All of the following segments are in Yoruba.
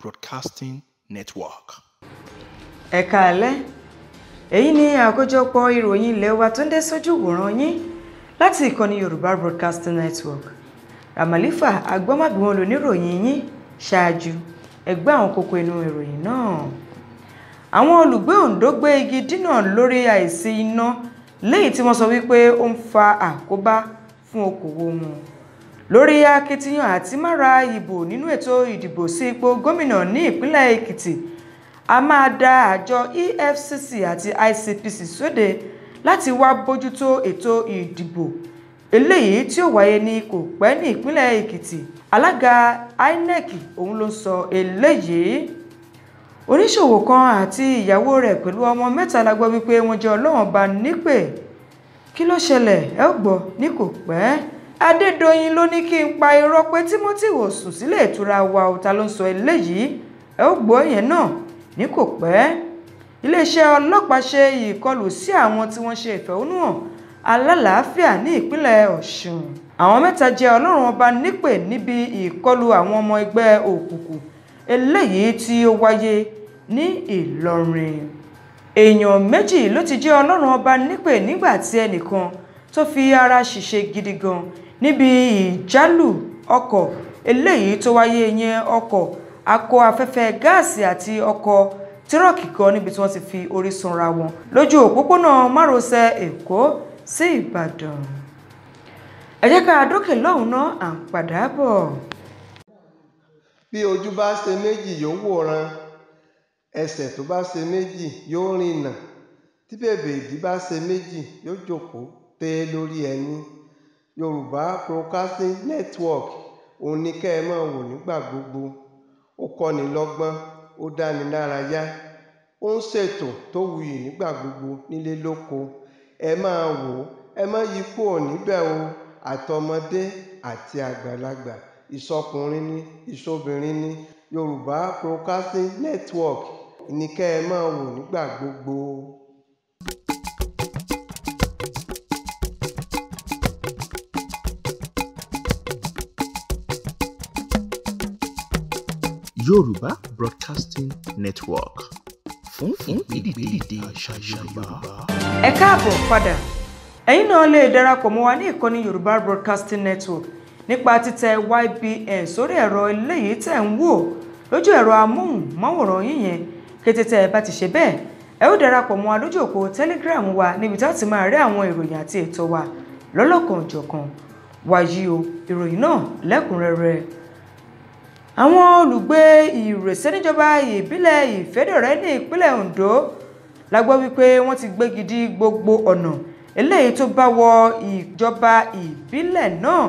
Broadcasting Network. ẹ káalẹ́ èyí ni àkójọpọ̀ ìròyìn ilé wa tó ń dé sójú wòran yín láti ìkànnì Yorùbá Broadcasting Network Ramalifa agbọ́mọ̀gbìmọ̀ lóníròyìn yín ṣáájú ẹgbẹ́ àwọn kókó inú ìròyìn náà àwọn olùgbé Oǹdó gbé igi dínà lórí àìsí iná léyìí tí wọ́n sọ wípé ó ń fa àkóbá fún okòwò wọn lórí akitiyan àti mára ìbò nínú ètò ìdìbò sí ipò gómìnà ní ìpínlẹ̀ èkìtì a máa da àjọ efcc àti icpc sóde láti wá bójútó ètò ìdìbò eléyìí tí ó wáyé ní kò pẹ́ ní ìpínlẹ̀ èkìtì alága inec òun ló ń sọ eléyìí oníṣòwò kan àti ìyàwó rẹ̀ pẹ̀lú ọmọ mẹ́ta la gbọ́ wípé wọ́n jẹ́ ọlọ́wọ́n bá nípè kí ló ṣẹlẹ̀ ẹ ó gbọ́ ní kò pẹ́ adédọ̀yìn ló ní kí n pa irọ́ pé timothy ò sùn sílé ìtura wa ọ̀tá ló ń sọ eléyìí ẹ ó gbọ́ yẹn náà ní kò pẹ́ iléeṣẹ́ ọlọ́pàá ṣe ìkọlù sí àwọn tí wọ́n ṣe ìfẹ̀hónúhàn alálàáfíà ní ìpínlẹ̀ ọ̀ṣun àwọn mẹ́ta jẹ́ ọlọ́run ọba nípè níbi ìkọlù àwọn ọmọ ẹgbẹ́ òkùnkùn eléyìí tí ó wáyé ní ìlọrin èèyàn méjì ló ti jẹ́ ọlọ́run ọba nípè nígbà tí ẹnìkan tó fi ara ṣìṣe gidi gan níbi ìjálù ọkọ̀ eléyìí tó wáyé yẹn ọkọ̀ akọ afẹ́fẹ́ gáàsì àti ọkọ̀ tírọ̀kì kan níbi tí wọ́n ti fi orí sunra wọn lójú òpópónà márosẹ̀ èkó sí ìbàdàn ẹ jẹ́ ká dókè lọ́hùn náà à ń padà bọ̀. bí ojú bá ṣe méjì yóò wòran ẹsẹ̀ tó bá ṣe méjì yóò rìnà tí bèbè ìdí bá ṣe méjì yóò jókòó té lórí ẹni. Yorùbá Broadcasting Network òun ni kẹ́ ẹ máa wò nígbà gbogbo. Ó kọ́ni lọ́gbọ́n, ó dáni lárayá, ó ń ṣètò tó wuyì nígbà gbogbo nílé lóko. Ẹ máa wò ó, ẹ má yí kúrò níbẹ̀ o. Àtọmọdé àti àgbàlagbà, ìsọkùnrin ni, ìṣobìnrin ni, Yorùbá Broadcasting Network ni kẹ́ ẹ máa wò nígbà gbogbo. Yorùbá Broadcasting Network fún ìgbèdìde àṣà Yorùbá. ẹ káàbọ̀ padà ẹ̀yin náà lè darapọ̀ mọ́ wa ní ìkànnì Yorùbá Broadcasting Network nípa títẹ YBN sórí ẹ̀rọ eléyìí tẹ̀ ń wò lójú ẹ̀rọ amóhùnmáwòrán yín yẹn kété tẹ́ ẹ bá ti ṣe bẹ́ẹ̀ ẹ ó darapọ̀ mọ́ wa lójú òpó Telegram wa níbi tá a ti máa rí àwọn ìròyìn àti ètò wa lọ́lọ́kan-ò-jọ̀kan wàyí o ìròyìn náà lẹ́kùnrẹ́rẹ́ àwọn olùgbé ìrèsé níjọba ìbílẹ̀ ìfẹ́dọ̀rẹ́ ní ìpínlẹ̀ Ondo la gbọ́ wípé wọ́n ti gbégi dí gbogbo ọ̀nà eléyìí tó bá wọ ìjọba ìbílẹ̀ náà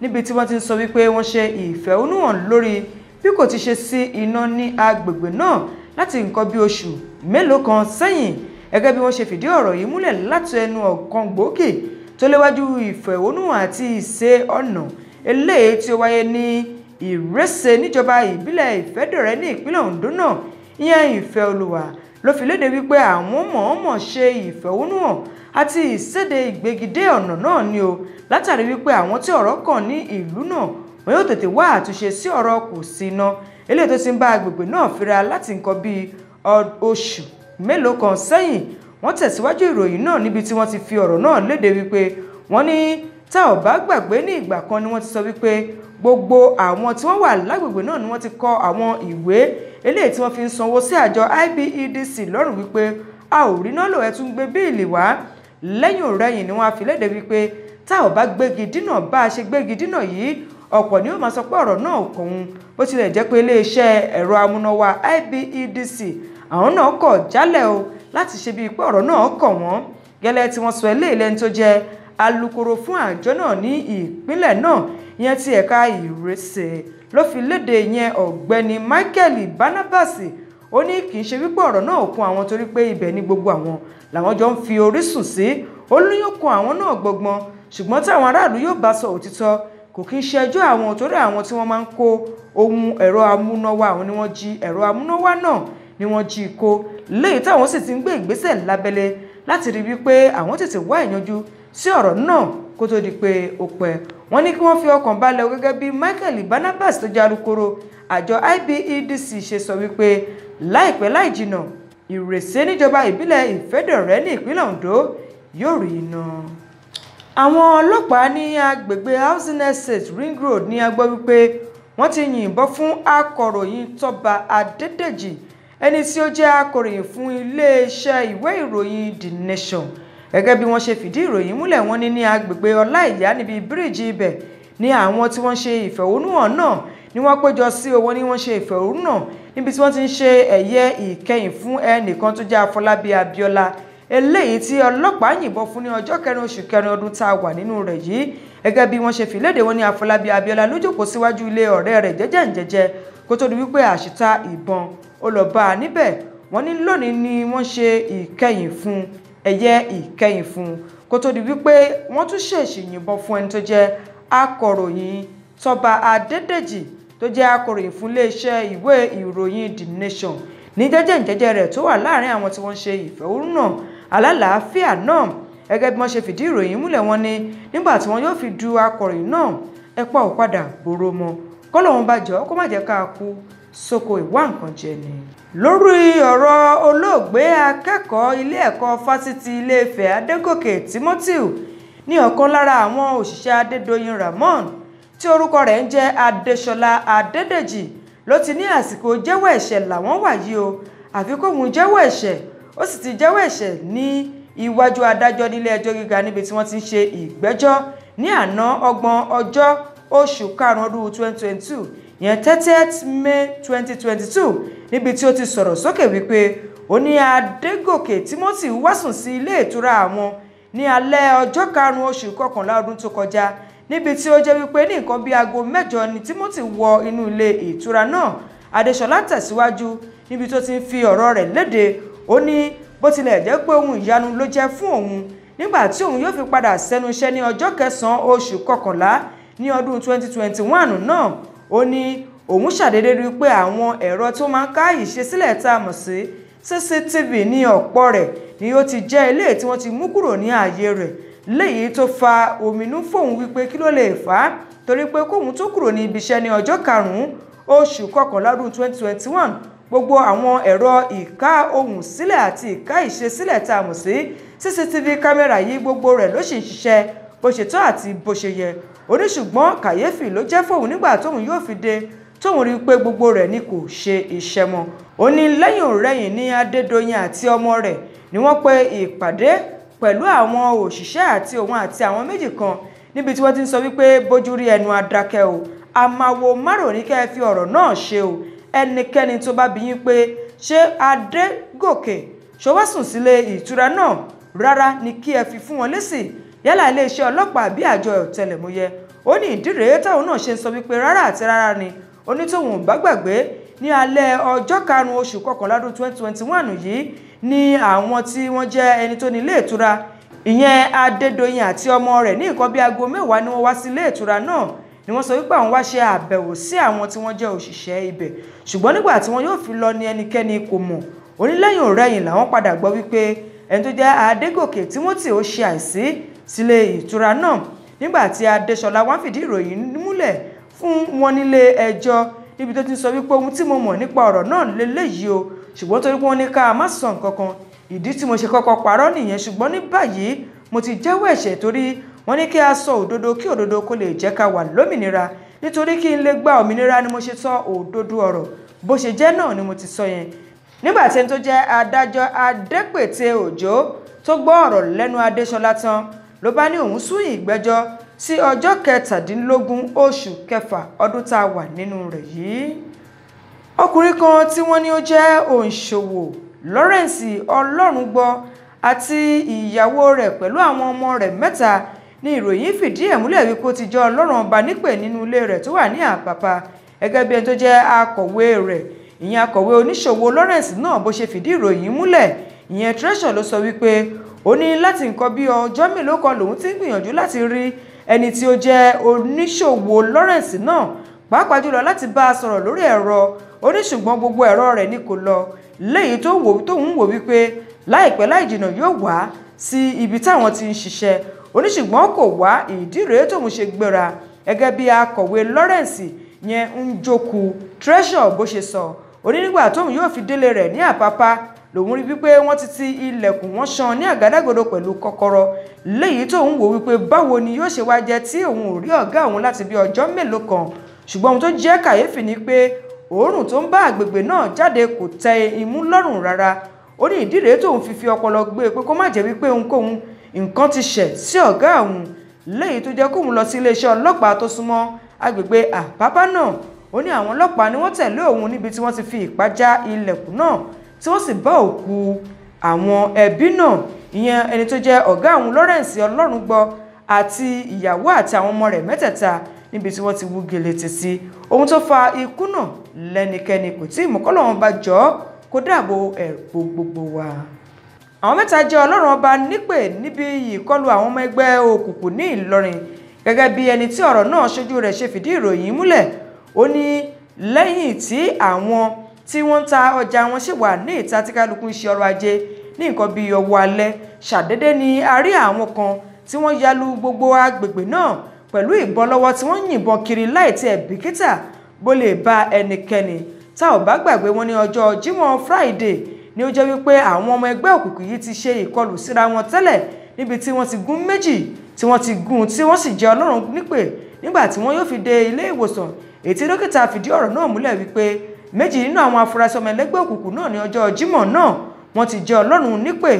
níbi tí wọ́n ti ń sọ wípé wọ́n ṣe ìfẹ̀hónúhàn lórí bí kò ti ṣe sí iná ní agbègbè náà láti nǹkan bí oṣù mélòó kan sẹ́yìn gẹ́gẹ́ bí wọ́n ṣe fìdí ọ̀rọ̀ yìí múlẹ̀ láti ẹnu ọ̀kan gbòógì tó léwájú ìfẹ̀hónúhàn àti ìṣe ọ̀nà eléyìí tí ó wáyé ní ìrẹsẹ níjọba ìbílẹ̀ ìfẹ́dọ̀rẹ́ ní ìpínlẹ̀ Ondo náà ìyẹn ìfẹ́ olùwà ló fi léde wípé àwọn mọ̀ọ́mọ̀ ṣe ìfẹ̀hónúhàn àti ìséde ìgbégidé ọ̀nà náà ni o látàrí wípé àwọn tí ọ̀rọ̀ kàn ní ìlú náà wọn yóò tètè wá àtúnṣe sí ọ̀rọ̀ kò sí iná eléyìí tó ti ń bá agbègbè náà fira láti nǹkan bíi oṣù mélòó kan sẹ́yìn wọ́n tẹ̀síwájú ìròyìn náà níbi tí wọ́n ti fi ọ̀rọ̀ náà léde wípé wọ́n ní tá ò bá gbàgbé ní ìgbà kan ni wọ́n ti sọ wípé gbogbo àwọn tí wọ́n wà lágbègbè náà ni wọ́n ti kọ àwọn ìwé eléyìí tí wọ́n fi ń sanwó sí àjọ IBEDC lọ́rùn wípé a ò rí náà lò ẹ tún gbé bíìlì wá lẹ́yìn òrẹ́yìn ni wọ́n á fi léde wípé tá ò bá gbégi dínà bá a ṣe gbégi dínà yìí ọ̀pọ̀ ni ó máa sọ pé ọ̀rọ̀ náà kàn ń bó tilẹ̀ jẹ́ pé iléeṣẹ́ ẹ̀rọ amúnáwá IBEDC àwọn náà kọ̀ jálẹ̀ o láti ṣe bíi pé ọ̀rọ̀ náà kàn wọ́n gẹ́lẹ́ tí wọ́n sọ eléyìí lẹ́ni tó jẹ́ alukoro fún àjọ náà ní ìpínlẹ̀ náà ìyẹn ti ẹ̀ka ìrẹsẹ̀ ló fi léde ìyẹn ọ̀gbẹ́ni Michael Barnabas ó ní kì í ṣe wípé ọ̀rọ̀ náà ò kún àwọn torí pé ibẹ̀ ni gbogbo àwọn làwọn jọ ń fi orísun sí ó ní yóò kún àwọn náà gbọgbọn ṣùgbọ́n táwọn aráàlú yóò bá sọ òtítọ́ kò kí ń ṣẹjọ́ àwọn torí àwọn tí wọ́n máa ń kó ohun ẹ̀rọ amúnáwá àwọn ni wọ́n jí ẹ̀rọ amúnáwá náà ni wọ́n jí kó léyìí táwọn sì ti ń gbé ìgbésẹ̀ lábẹ́lẹ̀ láti rí wípé àwọn tètè wá ìyanjú sí ọ̀rọ̀ náà kó tó di pé ó pẹ́ wọ́n ní kí wọ́n fi ọkàn balẹ̀ gẹ́gẹ́ bí Michael Barnabas tó jẹ́ alukoro àjọ IBEDC ṣe sọ wípé láìpẹ́ láì jìnà ìrèsé níjọba ìbílẹ̀ Ìfẹ́dọ̀rẹ́ ní ìpínlẹ̀ Ondo yóò rí iná àwọn ọlọ́pàá ní agbègbè housing estate ring road ní a gbọ́ wípé wọ́n ti yìnbọn fún akọ̀ròyìn Tọ́ba Adédèjì ẹni tí ó jẹ́ akọ̀ròyìn fún iléeṣẹ́ ìwé ìròyìn The Nation gẹ́gẹ́ bí wọ́n ṣe fìdí ìròyìn múlẹ̀ wọ́n ní ní agbègbè ọláìyá níbi bíríìjì ibẹ̀ ni àwọn tí wọ́n ṣe ìfẹ̀hónúhàn náà ni wọ́n péjọ sí owó ni wọ́n ṣe ìfẹ̀hónúhàn níbi tí wọ́n ti ń ṣe ẹ̀yẹ ìkẹyìn fún ẹnìkan tó jẹ́ afọlábí abíọ́lá eléyìí tí ọlọ́pàá yìnbọn fún ní ọjọ́ kẹrin oṣù kẹrin ọdún tá a wà nínú rẹ̀ yìí gẹ́gẹ́ bí wọ́n ṣe fìlédè wọn ní afọlábí abíọ́lá ló jókòó síwájú ilé ọ̀rẹ́ rẹ̀ jẹ́jẹ́njẹ́jẹ́ kó tó di wípé àṣìta ìbọn ó níbẹ̀ wọ́n ní lónìí ni wọ́n ṣe ìkẹyìn fún un ẹ̀yẹ ìkẹyìn fún un kó tó di wípé wọ́n tún ṣèèṣì yìnbọn fún ẹni tó jẹ́ akọ̀ròyìn Tọ́ba Adédèjì tó jẹ́ akọ̀ròyìn fún iléeṣẹ́ ìwé ìròyìn The Nation ní jẹ́jẹ́ǹjẹ́jẹ́ rẹ̀ tó wà láàrin àwọn tí wọ́n ṣe ìfẹ̀hónúhàn náà alálàáfíà náà gẹ́gẹ́ bí wọ́n ṣe fìdí ìròyìn múlẹ̀ wọn ni nígbà tí wọ́n yóò fi du akọ̀ròyìn náà ẹ̀pọ̀ ò padà gbòòrò mọ́ kọ́lọ́hún bá jọ kó má jẹ́ ká kú soko ìwá nǹkan jẹ ni. lórí ọ̀rọ̀ olóògbé akẹ́kọ̀ọ́ ilé ẹ̀kọ́ fásitì ilé-ifẹ̀ adégòkè timothy ní ọ̀kan lára àwọn òṣìṣẹ́ adédọ̀yìn ramon tí orúkọ rẹ̀ ń jẹ́ adéṣọlá adédèjì ló ti ní àsìkò jẹ́wọ́ ẹ̀ṣẹ̀ làwọn wà o àfi kóhun jẹ́wọ́ ẹ̀ṣẹ̀ ó sì ti jẹ́wọ́ ẹ̀ṣẹ̀ ní iwájú adájọ́ nílé ẹjọ́ gíga níbi tí wọ́n ti ń ṣe ìgbẹ́jọ́ ní àná ọgbọ̀n ọjọ́ oṣù karùn-ún ọdún twenty twenty two yẹn th may 2022, twenty two níbi tí ó ti sọ̀rọ̀ sókè wípé ó ní adégòkè timothy wá sùn sí ilé ìtura àwọn ní alẹ́ ọjọ́ karùn-ún oṣù kọkànlá ọdún tó kọjá níbi tí ó jẹ́ wípé ní nǹkan bíi aago mẹ́jọ ni timothy wọ inú ilé ìtura náà adéṣọlá tẹ̀síwájú níbi tó ti ń fi ọ̀rọ̀ rẹ̀ léde ó ní bó tilẹ̀ jẹ́ pé ohun ìyanu ló jẹ́ fún òun nígbà tí òun yóò fi padà sẹ́nu iṣẹ́ ní ọjọ́ kẹsàn-án oṣù kọkànlá ní ọdún 2021 náà ó ní òun ṣàdédé rí pé àwọn ẹ̀rọ tó máa ń ká ìṣesílẹ̀ tá a mọ̀ sí cctv ní ọ̀pọ̀ rẹ̀ ni ó ti jẹ́ ilé tí wọ́n ti mú kúrò ní ààyè rẹ̀ léyìí tó fa òmìnú fóun wípé kí ló lè fà á torí pé kóun tó kúrò ní ibi iṣẹ́ ní ọjọ́ karùn-ún oṣù kọkànlá ọdún 2021 gbogbo àwọn ẹ̀rọ ìka ohùn sílẹ̀ àti ìka ìṣesílẹ̀ tá a mọ̀ sí cctv kámẹ́rà yìí gbogbo rẹ̀ ló sì ń ṣiṣẹ́ bó ṣe tọ́ àti bó ṣe yẹ ó ní ṣùgbọ́n kàyéfì ló jẹ́ fóun nígbà tóun yóò fi dé tóun rí i pé gbogbo rẹ̀ ni kò ṣe iṣẹ́ mọ́ ó ní lẹ́yìn òrẹ́yìn ní adédọ́yìn àti ọmọ rẹ̀ ni wọ́n pe ìpàdé pẹ̀lú àwọn òṣìṣẹ́ àti òun àti àwọn méjì kan níbi tí wọ́n ti ń sọ wípé bójú rí ẹnu adákẹ́ o àmàwò márùn ní kẹ́ ẹ fi ọ̀rọ̀ náà ṣe o ẹnikẹ́ni tó bá bi yín pé ṣé adégòkè ṣọwọ́sùn sílé ìtura náà rárá ni kí ẹ fi fún wọn lésì yálà iléeṣẹ́ ọlọ́pàá àbí àjọ ọ̀tẹlẹ̀múyẹ́ ó ní ìdí rèé táwọn náà ṣe ń sọ wípé rárá àti rárá ni onítòhùn bá gbàgbé ní alẹ́ ọjọ́ karùn-ún oṣù kọkànlá ọdún 2021 yìí ni àwọn tí wọ́n jẹ́ ẹni tó ní ilé ìtura ìyẹn Adédoyin àti ọmọ rẹ̀ ní nǹkan bí aago mẹ́wàá ni wọ́n wá sí ilé ìtura náà ni wọ́n sọ wípé àwọn wá ṣe àbẹ̀wò sí àwọn tí wọ́n jẹ́ òṣìṣẹ́ ibẹ̀ ṣùgbọ́n nígbà tí wọ́n yóò fi lọ ní ẹnikẹ́ni kò mọ̀ onílẹ́yìn òrẹ́yìn làwọn padà gbọ́ wípé ẹni tó jẹ́ Adégòkè Timothy ó ṣe àìsí sílé ìtura náà nígbà tí Adéṣọlá wá fìdí ìròyìn múlẹ̀ fún wọn nílé ẹjọ́ níbi tó ti sọ wípé ohun tí mo mọ̀ nípa ọ̀rọ̀ náà lélẹ́yìí o ṣùgbọ́n torí pé wọ́n ní ká má sọ nǹkan kan ìdí tí mo ṣe kọ́kọ́ parọ́ nìyẹn ṣùgbọ́n ní báyìí mo ti jẹ́wọ́ ẹ̀ṣẹ̀ torí wọ́n ní kí a sọ òdodo kí òdodo kó lè jẹ́ ká wà lómìnira nítorí kí n lè gba òmìnira ni mo ṣe sọ òdodo ọ̀rọ̀ bó ṣe jẹ́ náà ni mo ti sọ yẹn nígbà tí ẹni tó jẹ́ adájọ́ Adépètè Òjó tó gbọ́ ọ̀rọ̀ lẹ́nu Adéṣọlá tán ló bá ní òun sún ìgbẹ́jọ́ sí ọjọ́ kẹtàdínlógún oṣù kẹfà ọdún tá a wà nínú rẹ̀ yìí ọkùnrin kan tí wọ́n ní ó jẹ́ òǹṣòwò Lawrence Ọlọ́rungbọ àti ìyàwó rẹ̀ pẹ̀lú àwọn ọmọ rẹ̀ mẹ́ta ni ìròyìn fìdí ẹ̀ múlẹ̀ wípé ó ti jẹ́ Ọlọ́run ọba nípè nínú ilé rẹ̀ tó wà ní Àpápá gẹ́gẹ́ bí ẹni tó jẹ́ akọ̀wé rẹ̀ ìyẹn akọ̀wé oníṣòwò Lawrence náà bó ṣe fìdí ìròyìn múlẹ̀ ìyẹn Treasure ló sọ wípé ó ní láti nǹkan bí ọjọ́ mélòó kan lòun ti ń gbìyànjú láti rí ẹni tí ó jẹ́ oníṣòwò Lawrence náà pàápàá jùlọ láti bá a sọ̀rọ̀ lórí ẹ̀rọ ó ní ṣùgbọ́n gbogbo ẹ̀rọ rẹ̀ ni kò lọ léyìí tó wò tó ń wò wípé láìpẹ́ láì jìnnà yóò wá sí ibi táwọn ti ń ṣiṣẹ́ ó ní ṣùgbọ́n kò wá ìdí rèé tóun ṣe gbéra gẹ́gẹ́ bí akọ̀wé Lawrence yẹn ń jókòó Treasure bó ṣe sọ ó ní nígbà tóun yóò fi délé rẹ̀ ní Àpápá lòun rí wípé wọ́n ti ti ilẹ̀kùn wọ́n ṣan ní àgádágodo pẹ̀lú kọ́kọ́rọ́ léyìí tóun wò wípé báwo ni yóò ṣe wá jẹ tí òun ò rí ọ̀gá òun láti bí ọjọ́ mélòó kan ṣùgbọ́n ohun tó jẹ́ kàyéfì ni pé òórùn tó ń bá àgbègbè náà jáde kò tẹ imú lọ́rùn rárá ó ní ìdí rèé tóun fi fi ọpọlọ gbé e pé kó má jẹ́ wípé ohunkóhun nǹkan ti ṣẹ̀ sí ọ̀gá òun léyìí tó jẹ́ kóun lọ sí iléeṣẹ́ ọlọ́pàá tó súnmọ́ agbègbè àpápá náà ó ní àwọn ọlọ́pàá ni wọ́n tẹ̀lé òun níbi tí wọ́n ti fi ìpá já ilẹ̀kùn náà tí wọ́n sì bá òkú àwọn ẹbí náà ìyẹn ẹni tó jẹ́ ọ̀gá àwọn Lawrence Ọlọ́rungbọ àti ìyàwó àti àwọn ọmọ rẹ̀ mẹ́tẹ̀ẹ̀ta níbi tí wọ́n ti wú gèlètè sí ohun tó fa ikú náà lẹ́nikẹ́ni kò tí ì mọ̀ bá jọ ọ́ kó dáàbò ẹ̀bù gbogbo wa. àwọn mẹ́ta jẹ́ ọlọ́run ọba nípè níbi ìkọlù àwọn ọmọ ẹgbẹ́ òkùnkùn ní Ìlọrin gẹ́gẹ́ bí ẹni tí ọ̀rọ̀ náà ṣojú rẹ̀ ṣe fìdí ìròyìn múlẹ̀ ó ní lẹ́yìn tí àwọn tí wọ́n ń ta ọjà wọn ṣì wà ní ìta tí kálukú ń ṣe ọrọ̀ ajé ní nǹkan bíi ọwọ́ alẹ́ ṣàdédé ni a rí àwọn kan tí wọ́n yalu gbogbo agbègbè náà pẹ̀lú ìbọn lọ́wọ́ tí wọ́n yìnbọn kiri láì tiẹ̀ bìkítà bó lè ba ẹnikẹ́ni tá ò bá gbàgbé wọn ní ọjọ́ Jímọ̀ Friday ni ó jẹ́ wípé àwọn ọmọ ẹgbẹ́ òkùnkùn yìí ti ṣe ìkọlù síra wọn tẹ́lẹ̀ níbi tí wọ́n ti gún méjì tí wọ́n ti gún tí wọ́n sì jẹ́ Ọlọ́run nípè nígbà tí wọ́n yóò fi dé ilé ìwòsàn èyí tí dókítà fìdí ọ̀rọ̀ náà múlẹ̀ wípé méjì nínú àwọn afurasí ọmọ ẹlẹ́gbẹ́ òkùnkùn náà ní ọjọ́ Jímọ̀ náà wọ́n ti jẹ́ Ọlọ́run nípè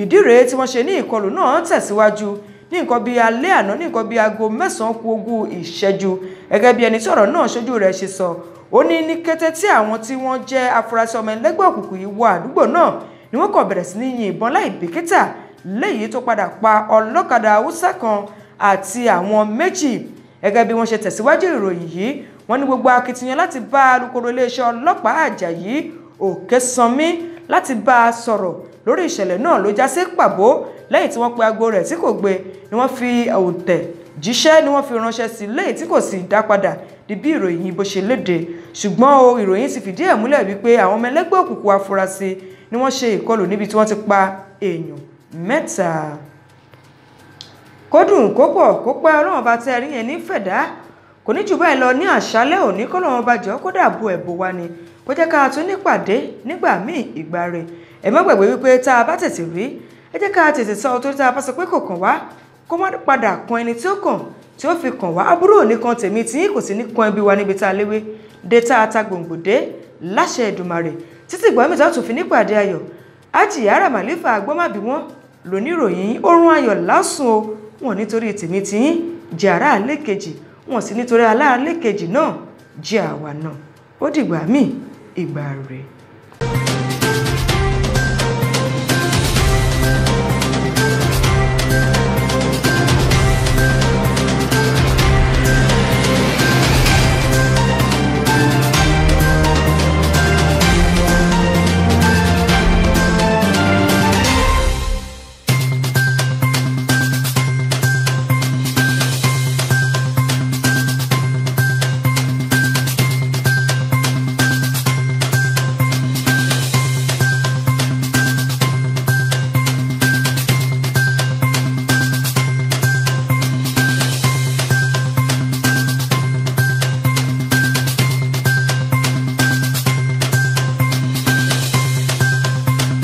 ìdí rèé tí wọ́n ṣe ní ìkọlù náà tẹ̀síwájú ní nǹkan bíi alẹ́ àná ní nǹkan bíi aago mẹ́sàn-án kù ogún ìṣẹ́jú gẹ́gẹ́ bí ẹni tí ọ̀rọ̀ náà ṣojú rẹ̀ ṣe sọ ó ní ní kété tí àwọn tí wọ́n jẹ́ afurasí ọmọ ẹlẹ́gbẹ́ òkùnkùn yìí wọ àdúgbò náà ni wọ́n kàn bẹ̀rẹ̀ sí ní yin ìbọn láì bìkítà léyìí tó padà pa ọlọ́kadà haúsá kan àti àwọn méjì gẹ́gẹ́ bí wọ́n ṣe tẹ̀síwájú ìròyìn yìí wọ́n ní gbogbo akitiyan láti bá alukoro iléeṣẹ́ ọlọ́pàá Àjàyí Òkèsanmí láti bá a sọ̀rọ̀ lórí ìṣẹ̀lẹ̀ náà ló já sí pàbó lẹ́yìn tí wọ́n pe aago rẹ̀ tí kò gbé ni wọ́n fi òǹtẹ̀ jíṣẹ́ ni wọ́n fi ránṣẹ́ sí lẹ́yìn tí kò sì dá padà di bí ìròyìn bó ṣe léde ṣùgbọ́n o ìròyìn ti fìdí ẹ̀ múlẹ̀ wípé àwọn ọmọ ẹlẹ́gbẹ́ òkùnkùn afurasí ni wọ́n ṣe ìkọlù níbi tí wọ́n ti pa èèyàn mẹ́ta kódùn kópọ̀ kópẹ́ ọlọ́run bá tẹ́ rí yẹn ní fẹ̀dá kò ní jù báyìí lọ ní àṣálẹ́ òní kọ́ lọ́wọ́ bá jọ kó dàbò ẹ̀bù wa ni kó jẹ́ ká tún nípàdé nígbà míì ìgbà rẹ̀ ẹ má gbàgbé wípé tá a bá tètè rí ẹ jẹ́ ká tètè sọ torí tá a bá sọ pé kò kàn wá kó má padà kan ẹni tí ó kàn tí ó fi kàn wá àbúrò òní kan tèmi tí kò sí ní kan ẹbí wa níbi tá a léwé dé tá a ta gbòǹgbò dé láṣẹ Èdùmàrè títí ìgbà mìíràn tó fi nípàdé ayọ̀ ájìyára màlífà agbọ́mábí wọn sì nítorí aláàlékejì náà jẹ àwa náà ó dìgbà míì ìgbà rèé